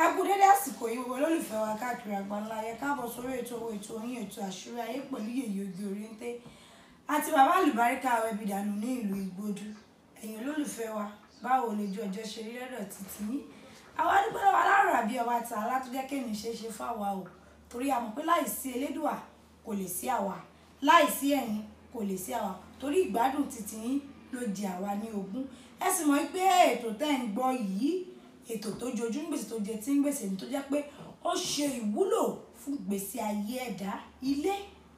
ẹ kú dédé àsìkò yìí gbogbo olólùfẹ́ wa káàkiri àgbáńlá yẹ káàbọ̀ sórí ètò owó ètò oyin ètò àṣírí ayé pẹ̀lú yèyí oge orí ń tẹ́ àti bàbá àlùbáríkà ẹbí dànù ní ìlú ìgbòdú ẹ̀yin olólùfẹ́ wa báwo lójú ọjọ́ ṣe rí lọ́dọ̀ títí yín àwa dúpẹ́ lọ́wọ́ aláàrọ̀ àbí ọba tà á látúndẹ́ kéèmí ṣe é ṣe fáwa o torí a mọ̀ pé láìsí elédùà kò lè sí àwa láìsí ẹ̀yin kò lè sí àwa torí ìgbádùn títí yín ló di àwa ní ogún ẹ sì mọ̀ pé ètò tẹ́ ń gbọ́ yìí ètò tó jojú ń gbèsè tó jẹ tí ń gbèsè ní tó jẹ́ pé ó ṣe ìwúlò fún gbèsè ayé ẹ̀dá ilé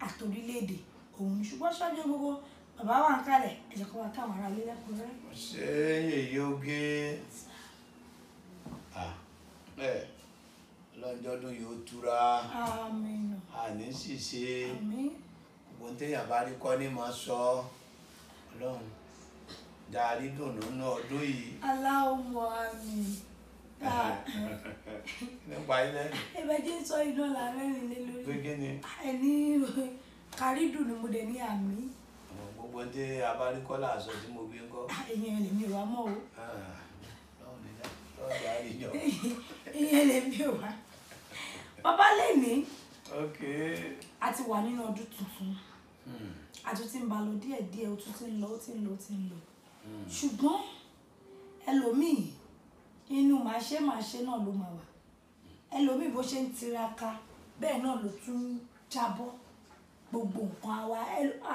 àtòrílẹ̀èdè òun ṣùgbọ́n ṣáájú gbogbo bàbá wa ń kalẹ̀ ẹ̀jẹ̀ kan wá káwọn ará ilé lẹ́kùnrin. ṣé èyí ó gé ẹ lọ́jọ́dún yóò túra àní ṣìṣe gbogbo téèyàn bá rí kọ́ ní máa sọ ọlọ́run darí dùnú náà ọdún yìí. aláwọ̀ àmì nípa ilẹ̀. ẹ̀bẹ̀ jẹ́ sọ iná làárẹ̀ rìn lé lórí. pé kí ni. ẹni kàrídù ni mo dẹ̀ ní àmì. gbogbo ń tẹ abárikọ́lá aṣọ tí mo gbé ń kọ́. Ah, ìyẹn lè mi wá mọ́ o. lọ́ọ̀dà àríyàn. ìyẹn lè mi wá. bàbá lè ok. a ti wà nínú ọdún tuntun. a hmm. tún ti ń ba lọ díẹ̀díẹ̀ o tún ti ń lọ ó ti ń lọ ó ti ń lọ. Hmm. ṣùgbọ́n ẹlòmíì inú màá ṣe màá ṣe náà ló máa wà ẹlòmíì bó ṣe ń tiraka bẹ́ẹ̀ náà ló tún jábọ́ gbogbo nǹkan àwa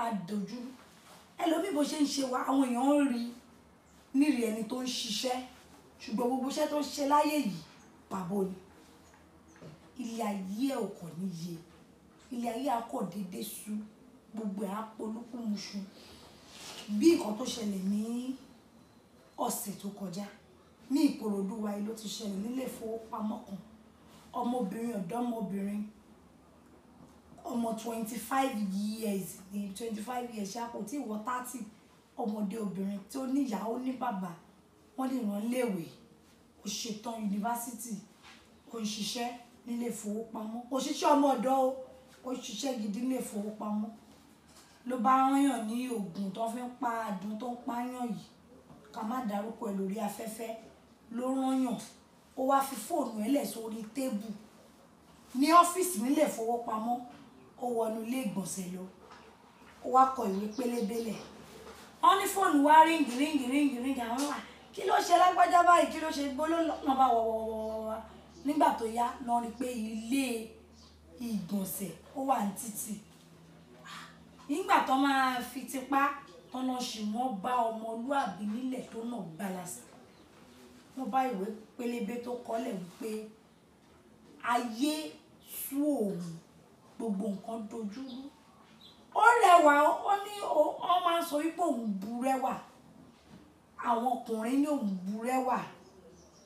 àdójú ẹlòmíì bó ṣe ń ṣe wa àwọn èèyàn ń rí nírì ẹni tó ń ṣiṣẹ́ ṣùgbọ́n gbogbo iṣẹ́ tó ń ṣe láyé yìí pàbó ni ilé ayé ẹ̀ ò kàn níye ilé ayé akọ̀ déédéé sú gbogbo ẹ̀ á bí nǹkan tó ṣẹlẹ̀ ní ọ̀sẹ̀ tó kọjá ní Ìkòròdú wa yìí ló ti ṣẹlẹ̀ nílé ìfowópamọ́ kan ọmọbìnrin ọ̀dọ́mọbìnrin ọmọ twenty five years ní twenty five years ṣáà kò tí ì wọ thirty ọmọdé obìnrin tí ó ní ìyá ó ní bàbá wọ́n lè rán léèwé kò ṣetán yunifásitì kò ń ṣiṣẹ́ nílé ìfowópamọ́ kò ṣiṣẹ́ ọmọ ọ̀dọ́ o kò ṣiṣẹ́ gidi nílé ìfowópamọ́ ló bá rányàn ní oògùn tó fi ń pa àdùn tó ń pààyàn yìí ká má dárúkọ ẹ lórí afẹ́fẹ́ ló rányàn ó wá fi fóònù ẹ̀ lẹ̀ sórí tébù ní ọ́fíìsì nílẹ̀ ìfowópamọ́ ó wọnú ilé ìgbọ̀nsẹ̀ lọ ó wá kọ ìwé pélébélẹ̀ wọ́n ní fóònù wá ríǹgì ríǹgì ríǹgì ríǹgì àwọn wà kí ló ṣe lágbájá báyìí kí ló ṣe gbólóhùn bá wọ̀wọ̀wọ̀wọ̀ nígbà tó yá lọ rí pé ilé ìgbọ̀nsẹ̀ ó wà ní títì ah, nígbà tó máa fi tipá tọ́nà ṣì wọ́n bá ọmọlúàbí nílẹ̀ tó náà gbalasa mo bá ìwé pélébé tó kọ́lẹ̀ wípé ayé sú òun gbogbo nǹkan dojú rú ó rẹwà ó ní ó máa ń sọ wípé òun bu rẹwà àwọn ọkùnrin ní òun bu rẹwà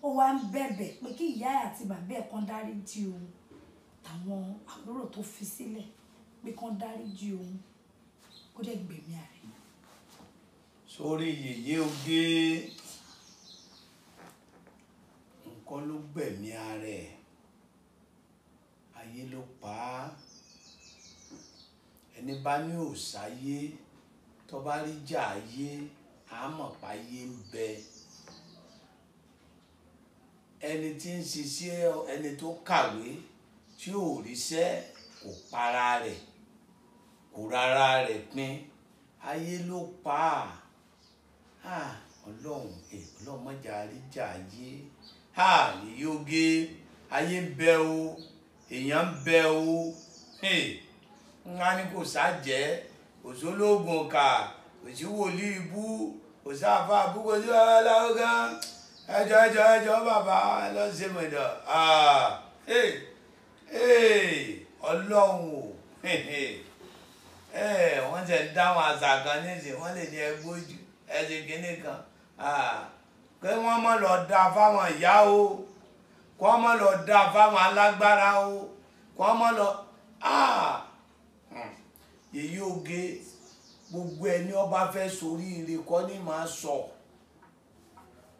ó wá ń bẹ̀bẹ̀ pé kí ìyá àti bàbá ẹ̀ kan dárí jì òun tàwọn àbúrò tó fi sílẹ̀ pé kán dárí jì òun ó dẹ̀ gbẹ̀mí ààrẹ. sórí yèyé oge kọ́ ló gbẹ̀mí ara ẹ̀ ayé ló pa á ẹni bá ní òsáyé tó bá rí jà ayé àmọ̀ páyé ń bẹ ẹni tí ń ṣiṣẹ́ ẹni tó kàwé tí ò ríṣẹ́ kò para rẹ̀ kò rárá rẹ̀ pin ayé ló pa á ọlọ́run ọlọ́run mọ̀jà rí jà ayé ha yìí oge ayé ń bẹ o èèyàn ń bẹ o ńlá ni kò sájẹ òṣòlóògùn kà òsì wòlíì ibú òsì àfa àbúkọ sí bàbá aláwọgá ẹjọ ẹjọ ẹjọ bàbá lọsẹ mọdọ Ọlọ́run o wọn ti dáhùn àṣà kan nísìnyí wọn lè ní ẹgbójú ẹsìn kínní kan kí wọ́n mọ̀ lọ da fáwọn ìyá o kí wọ́n mọ̀ lọ da fáwọn alágbára o kí wọ́n mọ̀ lọ ah! hmm. èyí oge gbogbo ẹni ọba fẹ́ sórí ire kọ́ ni màá sọ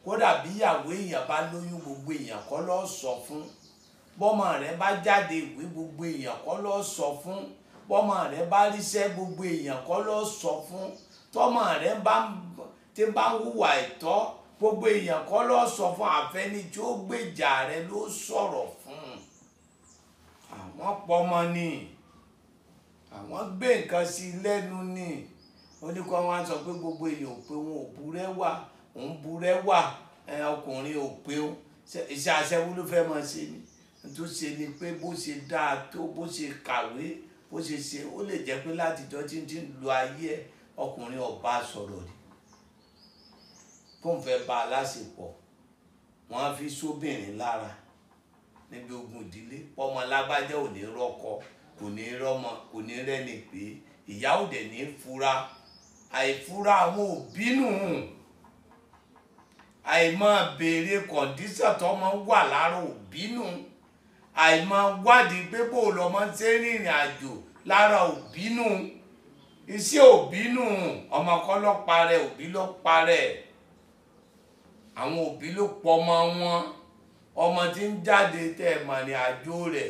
kódà bí ìyàwó èèyàn bá lóyún gbogbo èèyàn kọ́ ló sọ fún bọ́mọ rẹ bá jáde ìwé gbogbo èèyàn kọ́ ló sọ fún bọ́mọ rẹ bá ríṣẹ́ gbogbo èèyàn kọ́ ló sọ fún tọ́mọ rẹ bá ń hùwà ẹ̀tọ́ gbogbo èèyàn kọ́ ló sọ fún àfẹ́ni ó gbèjà rẹ ló sọ̀rọ̀ fún àwọn pọmọ ni àwọn gbé nǹkan sí i lẹ́nu ni oníkọ́ wọn sọ pé gbogbo èèyàn ò pé wọn ò burẹ́ wà òun burẹ́ wà ọkùnrin ò pé o iṣẹ́ aṣẹ́wó fẹ́ máa ṣe ni tó ṣe ni pé bó ṣe dáa tó bó ṣe kàwé bó ṣe ṣe ó lè jẹ́ pé látijọ́ tí ń ti lu ayé ọkùnrin ọba sọ̀rọ̀ rí kóun fẹ́ bá a láṣepọ̀ wọ́n á fi sóbìnrin lára níbi ogun ìdílé pọ́mọ lágbájá ò ní rọ́kọ kò ní rọ́mọ kò ní rẹ́ni pé ìyá ò dẹ̀ ní fura àìfura àwọn òbí nù àìmọ̀ béèrè kọ̀ǹdíṣà tọ́mọ wà lára òbí nù àìmọ̀ wádìí pé bó lọ́mọ ṣe ń rìnrìn àjò lára òbí nù iṣẹ́ òbí nù ọmọkọ́ lọ́ọ́ parẹ́ òbí lọ́ọ́ parẹ́ ẹ̀ àwọn òbí ló pọ̀ ọmọ wọn ọmọ tí ń jáde tẹ ẹ mọ̀ ní àjò rẹ̀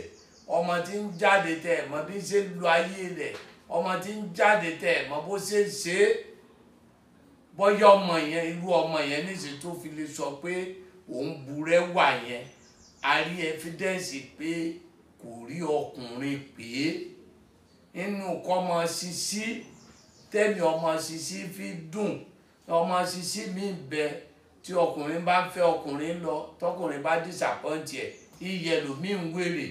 ọmọ tí ń jáde tẹ ẹ mọ̀ bí ṣe ń lo ayé rẹ̀ ọmọ tí ń jáde tẹ ẹ mọ̀ bó ṣe ń ṣe é bọ́yá ọmọ yẹn irú ọmọ yẹn níṣẹ́ tó fi lè sọ pé òun burẹ́ wà yẹn a rí ẹfidẹ́ǹsì pé kò rí ọkùnrin pé nínú kọ́mọ sisi tẹ́mi ọmọ sisi fi dùn ọmọ sisi mi bẹ́ẹ̀ tí ọkùnrin bá ń fẹ́ ọkùnrin lọ tọkùnrin bá disappoint ẹ̀ iyẹ̀ lòmíì ń wèrè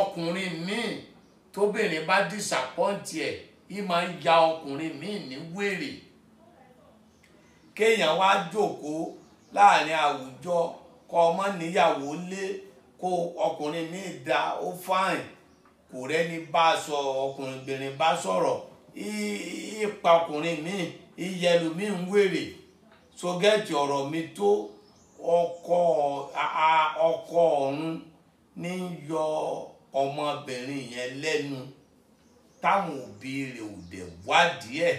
ọkùnrin míì tóbìnrin bá disappoint ẹ̀ ì máa ń ya ọkùnrin míì ní wèrè kéèyàn wá jókòó láàrin àwùjọ kọ ọmọ lé kó ọkùnrin míì da ó fáìn bá sọ ọkùnrin bìnrin bá sọ̀rọ̀ sọgẹ́ẹ̀tì ọ̀rọ̀ mi tó ọkọ ọkọ ọ̀run ní yọ ọmọbìnrin yẹn lẹ́nu táwọn òbí rẹ̀ ò dẹ̀ wádìí ẹ̀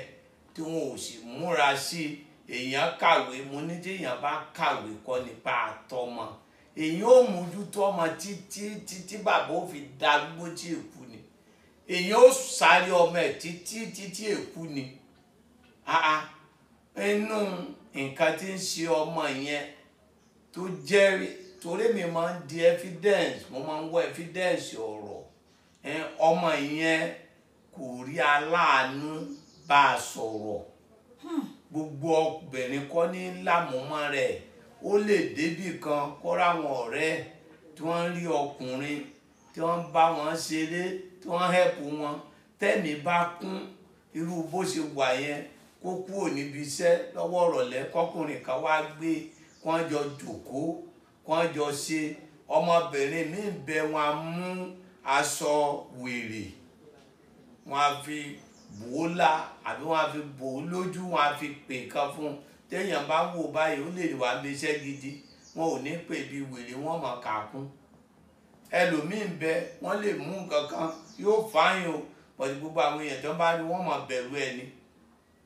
tí wọn ò sì múra sí èèyàn kàwé mo ní tí èèyàn bá kàwé kọ́ nípa àtọmọ èèyàn ò mójútó ọmọ títí títí bàbá ò fi darúgbó tí èkú ni èèyàn ò sáré ọmọ ẹ̀ títí títí èkú ni inú nǹkan tí ń ṣe ọmọ yẹn tó jẹ́rìí torí mi máa ń di evidence mo máa ń wọ evidence ọ̀rọ̀ ọmọ yẹn kò rí aláàánú bá a sọ̀rọ̀ hmm. gbogbo obìnrin kọ́ ní lámùmọ́ rẹ̀ ó lè débì kan kó ráwọn ọ̀rẹ́ tí wọ́n ń rí ọkùnrin tí wọ́n ń bá wọn ṣeré tí wọ́n ń hẹ́pù wọn tẹ́mi bá kún irú bó ṣe wà yẹn kó kúrò níbi iṣẹ́ lọ́wọ́ ọ̀rọ̀lẹ́ kọkùnrin kan wá gbé kán jọ jòkó kán jọ ṣe ọmọbìnrin míì bẹ wọn a mú aṣọ wèrè wọn a fi bò ó la àbí wọn a fi bò ó lójú wọn a fi pè kan fún un téèyàn bá wò báyìí ó lè wá bí iṣẹ́ gidi wọn ò ní pè bí wèrè wọn mọ̀ kàkún ẹlòmíín bẹ wọn lè mú nǹkan kan yóò fáyín o pọ̀jù gbogbo àwọn èèyàn tó bá rí wọn mọ̀ bẹ̀rù ẹni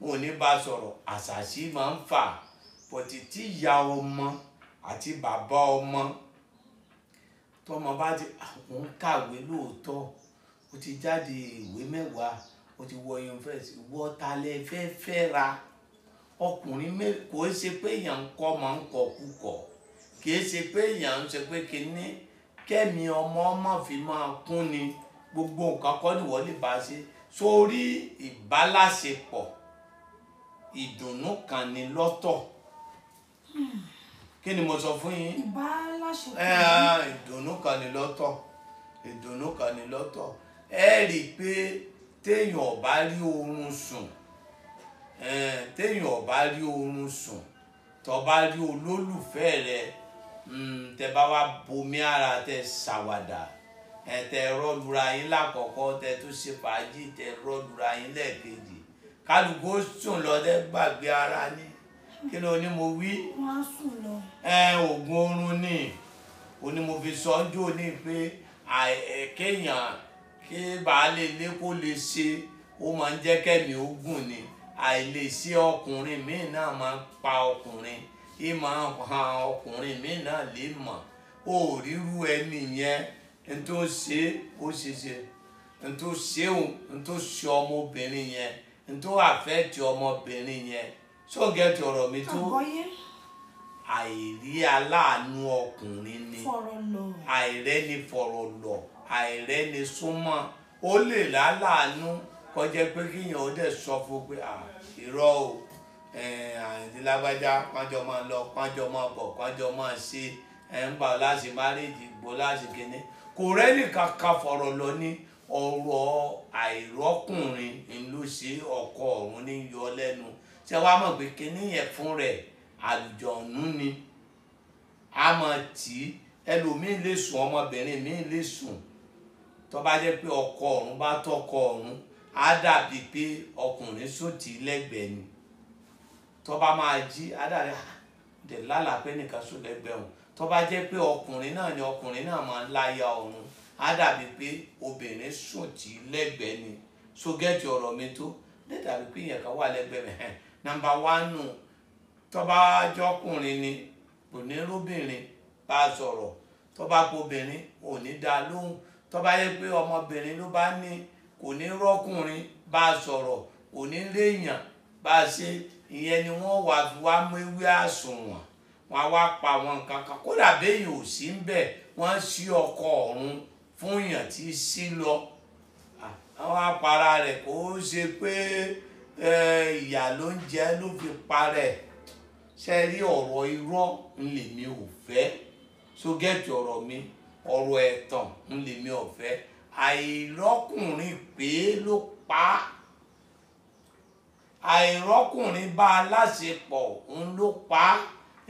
wọn ò ní bá sọ̀rọ̀ àṣàṣì máa ń fà pọ̀tì tí ìyá ọmọ àti bàbá ọmọ tọmọ bá ti àwọn ah, kàwé lóòótọ́ ó ti jáde ìwé mẹ́wàá ó ti wọ yunifásitì wọ talẹ̀ fẹ́ fẹ́ra ọkùnrin kò é ṣe pé èèyàn ń kọ́ máa ń kọ̀ kúkọ̀ kì í ṣe pé èèyàn ń ṣe pé kinní kẹ́mi ọmọ ọmọ fi máa kún ni gbogbo nǹkan kọ́ nìwọ́n lè bá ṣe sórí ìbálàṣepọ̀. So ìdùnnú kan ni lọ́tọ̀ kí ni mo sọ fún yín ah, ìdùnnú kan ni lọ́tọ̀ ìdùnnú kan ni lọ́tọ̀ ẹ rí i pé téèyàn ò bá rí oorun sùn téèyàn ò bá rí oorun sùn tó bá rí olólùfẹ́ rẹ mm, tẹ bá wá bomi ara tẹ ṣàwàdà tẹ rọlùra yín lákọ̀ọ́kọ́ tẹ tún ṣe fàájì tẹ rọlùra yín lẹ́ẹ̀kejì kálukú ó sùn lọ tẹ́ gbàgbé ara ní kí ló ní mo wí. wọ́n á sùn lọ. ẹ oògùn oorun ni òní mo fi sọ ọjọ́ òní pé kéèyàn kí baálé ilé kó lè ṣe ó máa ń jẹ́ kẹ́mi ó gùn ni àìlèṣe ọkùnrin míì náà máa ń pa ọkùnrin ì máa han ọkùnrin míì náà lè mọ̀ ó ríru ẹni yẹn n tó ṣe ó ṣe ṣe n tó ṣe ṣe ọmọbìnrin yẹn n tó affect ọmọbìnrin yẹn ṣóògẹ́ ti ọ̀rọ̀ mi tó àìrí aláàánú ọkùnrin ni ni fọ̀rọ̀ lọ̀ àìrẹ́ni súnmọ́ ó lè láláàánú kọjá pé kíyàn ó dẹ̀ sọ fún pé irọ́ o máa lọ pàjọ máa bọ̀ pàjọ máa ṣe ẹ̀ ń gbà láti máréjì gbó láti kíní kò fọ̀rọ̀ lọ ní ọ̀rọ̀ àìrọ́kùnrin ló ṣe ọkọ ọ̀run ní yọ lẹ́nu ṣé wàá mọ̀ pé kíní yẹn fún rẹ̀ àlùjọ̀nù ni a mọ̀ tí ẹlòmíín lè sùn ọmọbìnrin míín lè sùn tó bá jẹ́ pé ọkọ ọ̀run bá tọkọ ọ̀run á dàbí pé ọkùnrin sòtì lẹ́gbẹ̀ẹ́ ni tó bá máa jí á dàbí ah, dẹ̀ lálàpẹ́ nìkan sòlẹ́gbẹ̀ẹ́ òun tó bá jẹ́ pé ọkùnrin náà ni ọkùnrin náà máa ń láya ọ̀run á dàbí pé obìnrin sùn tí lẹ́gbẹ̀ẹ́ ni so gẹ́ẹ̀tì ọ̀rọ̀ mi tó lè dàbí pé èèyàn kan wà lẹ́gbẹ̀ẹ́ mi hàn nàmbà wánù tọ́ba ni kò ní róbìnrin bá sọ̀rọ̀ tọ́ba pobìnrin ò ní dá lóhùn tọ́ba yẹ pé ọmọbìnrin ló bá ní kò ní rọ́kùnrin bá sọ̀rọ̀ kò ní léèyàn bá ṣe ìyẹn ni wọ́n wà wá méwé àsùnwọ̀n wọ́n á wá pa àwọn nǹkan kan kódà béèyàn ò sí ń bẹ̀ wọ́n ṣí ọkọ̀ ọ̀run fún yàn tí sí lọ àwọn apara rẹ̀ kò ṣe pé ìyà ló ń jẹ ló fi parẹ́ ṣe rí ọ̀rọ̀ irọ́ ń lè mi ò fẹ́ so gẹ́ẹ̀tì ọ̀rọ̀ mi ọ̀rọ̀ ẹ̀tàn ń lè mi ò fẹ́ àìrọ́kùnrin pé ló pa á àìrọ́kùnrin bá a láṣepọ̀ ń ló pa á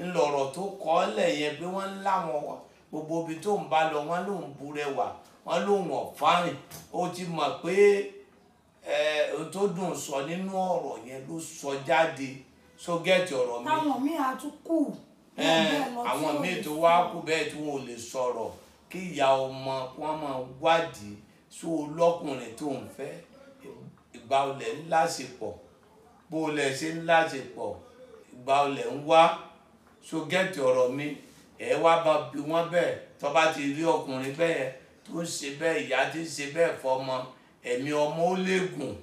ńlọ̀rọ̀ tó kọ́ ọ́ lẹ̀ yẹn pé wọ́n ń láwọn gbogbo ibi tó ń bá lọ wọ́n lòun burẹwà wọ́n lòun ọ̀fáàrìn ó ti mọ̀ pé ẹ tó dùn sọ nínú ọ̀rọ̀ yẹn ló sọ jáde so gẹ́ẹ̀tì ọ̀rọ̀ mi. táwọn míì á tún kù. àwọn míì tó wá kù bẹ́ẹ̀ tí wọn ò lè sọ̀rọ̀ kí ìyá ọmọ wọn máa wádìí sí olókùnrin tó ń fẹ́ ìgbà olè ńlá ṣe pọ̀ bó olè ṣe ńlá ṣe pọ̀ ìgbà olè ń wá so gẹ́ẹ̀tì ọ̀rọ̀ mi ẹ wá bá bí wọ́n bẹ́ẹ̀ tó bá ti rí ọkùnrin bẹ́ẹ̀ tó ń ṣe bẹ́ẹ̀ ìyá ti ń ṣe bẹ́ẹ̀ fọmọ ẹ̀mí ọmọ ó lè gùn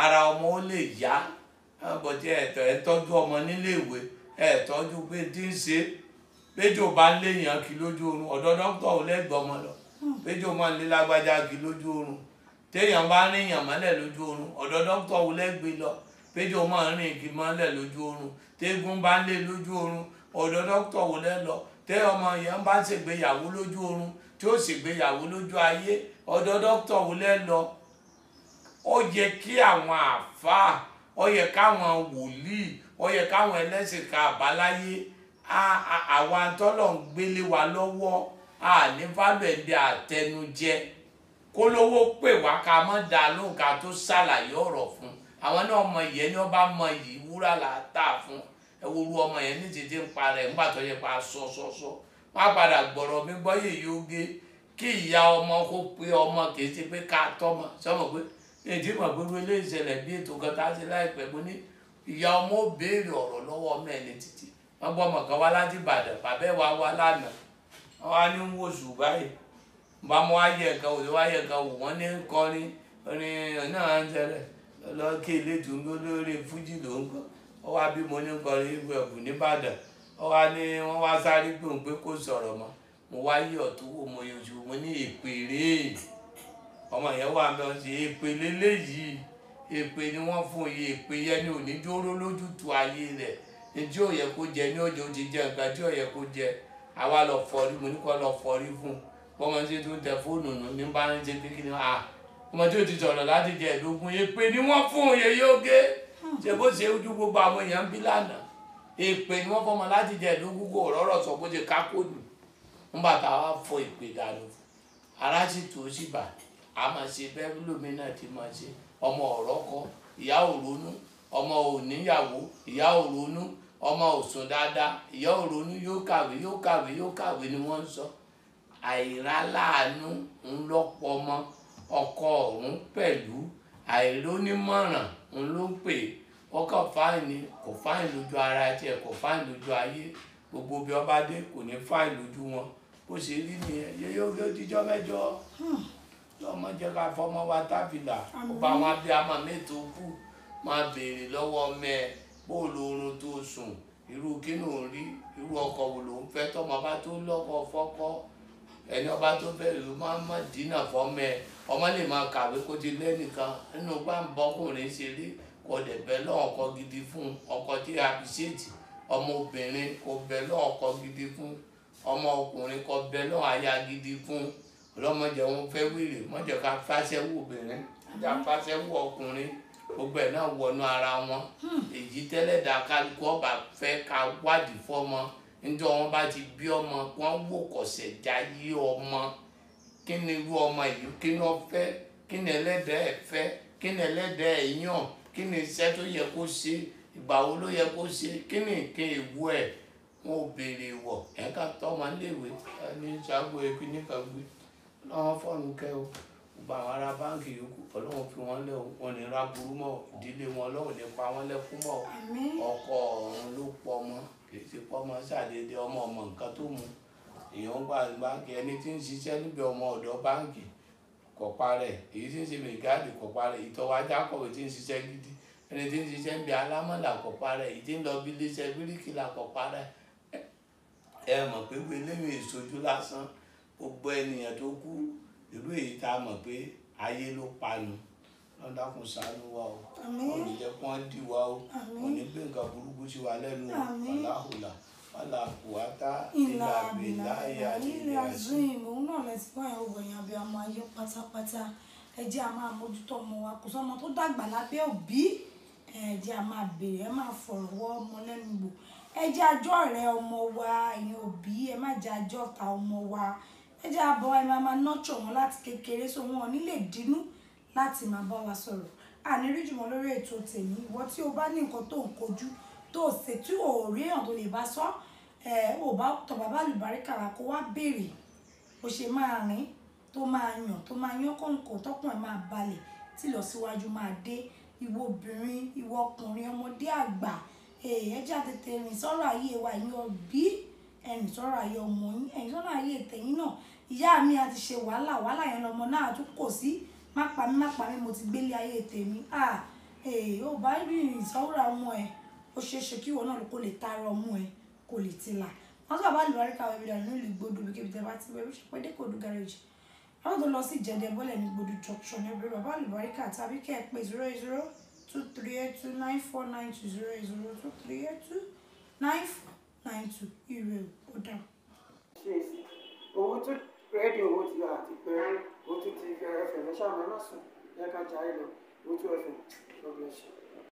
ara ọmọ ó lè yá bọ̀dé ẹ̀tọ́ ẹ̀ tọ́jú ọmọ nílé ìwé ẹ̀ tọ́jú pé tí ń ṣe péjò bá ń léèyàn kí lójú oorun ọ̀dọ̀ dókítà ò lẹ́gbọ̀ọ́ ọmọ lọ péjò máa lé lágbájá kí lójú oorun téèyàn bá ń rìnyàn mọ́lẹ̀ lójú oorun ọ̀dọ̀ dókítà ò lẹ́gbẹ̀ẹ́ lọ péjò máa rìn kí mọ́lẹ̀ lójú oorun téégún bá lé lójú oorun ọ̀dọ̀ dókítà ò lẹ́ lọ tẹ́ ọmọ yẹn bá ń ṣègbéyàwó lójú oorun tí ó ṣègbéyàwó lójú ayé ọ̀dọ̀ dókítà wo lẹ́ lọ ó yẹ kí àwọn àáfàá ó yẹ káwọn wòlíì ó yẹ káwọn ẹlẹ́sìn ká àbáláyé àwa tọ́lọ̀ ń gbélé wa lọ́wọ́ àní fábẹ̀bẹ̀ àtẹnujẹ kó lówó pè wá ká mọ́ dá lóhùn ká tó ṣàlàyé ọ̀rọ̀ fún àwọn náà mọ ìyẹn ni wọ́n bá mọ ìyí wúrà là fún un ẹwọ́rú ọmọ yẹn ní tètè ń parẹ́ ńgbà tó yẹ pa sọ sọ sọ wọ́n padà gbọrọ mi yóò gé kí ìyá ọmọ kó pé ọmọ kì ṣe pé ká tọ́mọ sọmọ pé èdè mọ̀ pé wọlé ìṣẹ̀lẹ̀ bí ètò kan tá a ṣe láìpẹ́ mo ní ìyá ọmọ ó béèrè ọ̀rọ̀ lọ́wọ́ ọmọ ẹ̀ ní títì wọ́n gbọ́ ọmọ kan wá láti Ìbàdàn bàbá ẹ̀ wá wá lánàá wọ́n wá wòṣù báyìí bá mo nǹkan wò nǹkan ó wá bí mo ní kọrin ìlú ẹ̀bùn nìbàdàn ó wá ní wọ́n wá sáré gbòǹ pé kò sọ̀rọ̀ mọ́ mo wá yí ọ̀tún wò mo yọjú mo ní èpèrè ọmọ yẹn wà mí ọ̀sẹ̀ èpè lélẹ́yìí èpè ni wọ́n fún yìí èpè yẹn ni ò ní dúró lójútu ayé rẹ̀ ntí ò yẹ kó jẹ ní ọjọ́ ti jẹ nǹkan tí ò kó jẹ àwa lọ fọrí mo ní kó lọ fọrí fún bọ́mọ tí tó tẹ fóònù nù ní bá ń ṣe kékeré ah ọmọ tí ò ti sọ̀rọ̀ láti jẹ ìdógún èpè ni wọ́n fún yẹ yóò gé. ṣe bó ṣe ojú gbogbo àwọn èèyàn ń bí lánàá èpè ni wọ́n fọmọ láti jẹ ìdógúgbò ọ̀rọ̀ sọ bó ṣe kákóòdù nígbà tá a wá fọ èpè dànù ara sì tó sì bà á máa ṣe bẹ́ẹ̀ lómi náà ti máa ṣe ọmọ ọ̀rọ̀ kọ ìyá òrónú ọmọ òníyàwó ìyá òrónú ọmọ òsùn dáadáa ìyá yóò ni wọ́n ń sọ ọmọ ọkọ pẹ̀lú àìrónímọ̀ràn òun ló ń pè ọkàn fáìní kò fáìní lójú ara tiẹ̀ kò fáìní lójú ayé gbogbo bí ọba dé kò ní fáìní lójú wọn bó ṣe rí nìyẹn yóò yóò dijọ́ mẹ́jọ lọ́mọ jẹ́ ká fọmọ wa tábìlà ó bá wọn bí a máa mẹ́tò kú máa béèrè lọ́wọ́ mẹ́ bóòlù oorun tó sùn irú kí ló ń rí irú ọkọ wo ló ń fẹ́ tọ́mọ bá tó lọ́kọ fọ́kọ́ ẹni ọba tó bẹ̀rẹ̀ ló máa ń mọ̀ dínà fọ́mọ ẹ̀ ọmọ lè máa kàwé kó ti lẹ́nìkan nínú gbàǹbọ̀ ọkùnrin ṣe rí kò dẹ̀ bẹ́ lọ́wọ́ ọkọ gidi fún ọkọ tí a fi ṣèètì ọmọ obìnrin kò bẹ́ lọ́wọ́ ọkọ gidi fún ọmọ ọkùnrin kò bẹ́ lọ́wọ́ aya gidi fún ọlọ́mọdé wọn fẹ́ wíìrì mọ́jọ ká fáṣẹ́wó obìnrin ká fáṣẹ́wó ọkùnrin gbogbo ẹ̀ náà wọnú ara wọn hmm. èyí tẹ́lẹ̀ dá kálukú ọba fẹ́ ká wádìí fọ́mọ níjọ́ wọn bá ti bí ọmọ wọn wò kọ̀sẹ̀ jayé ọmọ kí ni irú ọmọ yìí kí ni wọ́n fẹ́ kí ni ẹlẹ́dàá ẹ̀ fẹ́ kí ni ẹlẹ́dàá ẹ̀ yàn kí ni iṣẹ́ tó yẹ kó ṣe ìgbà wo ló yẹ kó ṣe kí ni nǹkan èwo ẹ̀ wọn ò béèrè wọ̀ ẹ̀ka tọ́mọ léèwé ní ṣàgbó ẹ̀kú níkàgbé lọ́wọ́ fọ́ọ̀nù kẹ́ o gbogbo àwọn ará báǹkì yòókù ọlọ́run fi wọ́n lẹ̀ wọn ní ra burú mọ́ ìdílé wọn ọlọ́run ní pa wọ́n lẹ́kún mọ́ ọkọ̀ ọ̀run ló pọ̀ mọ́ kì í ṣe pọ́ ọmọ ṣàdédé ọmọ ọmọ nǹkan tó mu èèyàn ń gbà ní báńkì ẹni tí ń ṣiṣẹ́ níbi ọmọ ọ̀dọ́ báńkì kọ̀pá rẹ̀ èyí tí ń ṣe mẹ̀gáàdì kọ̀pá rẹ̀ ìtọ́wájà kọ̀wé tí ń ṣiṣẹ́ gidi ẹni tí ń ṣiṣẹ́ ń bi alámọ̀là kọ̀pá rẹ̀ èyí tí ń lọ bí iléeṣẹ́ bíríkìlà kọ̀pá rẹ̀ ẹ mọ̀ pé wí léyìn ìṣojú lásán gbogbo ènìyàn tó kú ìlú èyí tá a mọ̀ pé ayé ló panu náà dákun ṣàánú wa o òní jẹ́ wa o òní burúkú sí wa lẹ́nu o aláhùlà alákùátá ìlàbìlà ìyàlílẹ̀ azúyìn òun náà lẹ́sìn fún àwọn ògbẹ̀yìn àbí ọmọ ayé pátápátá ẹ a máa mójútó ọmọ wa kò sọ́mọ tó dàgbà lábẹ́ òbí ẹ a máa béèrè ẹ máa fọ̀rọ̀ ọmọ lẹ́nu gbò ẹ jẹ́ ajọ́ ọmọ wa ẹ̀yin òbí ẹ má jẹ́ ajọ́ ta ọmọ wa ẹ jẹ́ abọ́ máa máa nọ́ọ̀tì wọn láti kékeré so wọn ò ní lè dínú láti máa bá wa sọ̀rọ̀ ànírí jùmọ̀ lórí ètò tèmi ìwọ tí o bá ní nǹkan tó ń kojú tó o ṣe tí o rí èèyàn tó lè bá sọ ẹ ò bá tọ̀bá bá lùbáríkà wa kó wá béèrè bó ṣe máa rìn tó máa yàn tó máa yán kọ̀ǹkọ̀ tọkùn ẹ̀ máa balẹ̀ tí ìlọsíwájú máa dé ìwọ obìnrin ìwọ ọkùnrin ọmọdé àgbà èèyàn jáde tẹ̀rìn sọ́rọ̀ ayé wa ìyẹn ọbí ẹ̀rìn sọ́rọ̀ ayé ọmọ yín ẹ̀rìn sọ́rọ̀ ayé ìtẹ̀yìn náà ìyá mi àti ṣe wàhálà wàhálà yẹn lọmọ náà tún kò sí má pa mí má pa mí mo ti gbélé ayé tèmi ah eh, ò bá rìn ìsanwóra ọmọ ẹ ó ṣeé ṣe kí ìwọ náà kò lè tara ọmọ ẹ kò lè tilà wọn sábà bá lùwárí káwọn ẹbí dànù nílùú gbódù bí kébìtẹ bá ti wẹrú ṣẹpẹ dé kòdú gàrèjì àwọn tó lọ sí ìjẹdẹ bọlẹ ní gbódù junction ẹbí bàbá lùwárí ká tàbí kẹ ẹ pé zero eight zero two three eight two nine four nine two zero eight zero two three eight two nine four nine two ìrè ó dà. owó tó rẹ́ẹ̀dì owó ti rà àti pẹ́ẹ́rẹ́ ó tún ti ẹfẹ̀ lẹ́sàmọ́ sùn lẹ́ka jáde lọ ó tún ẹfẹ̀ lọ́gbẹ̀ẹ́sì.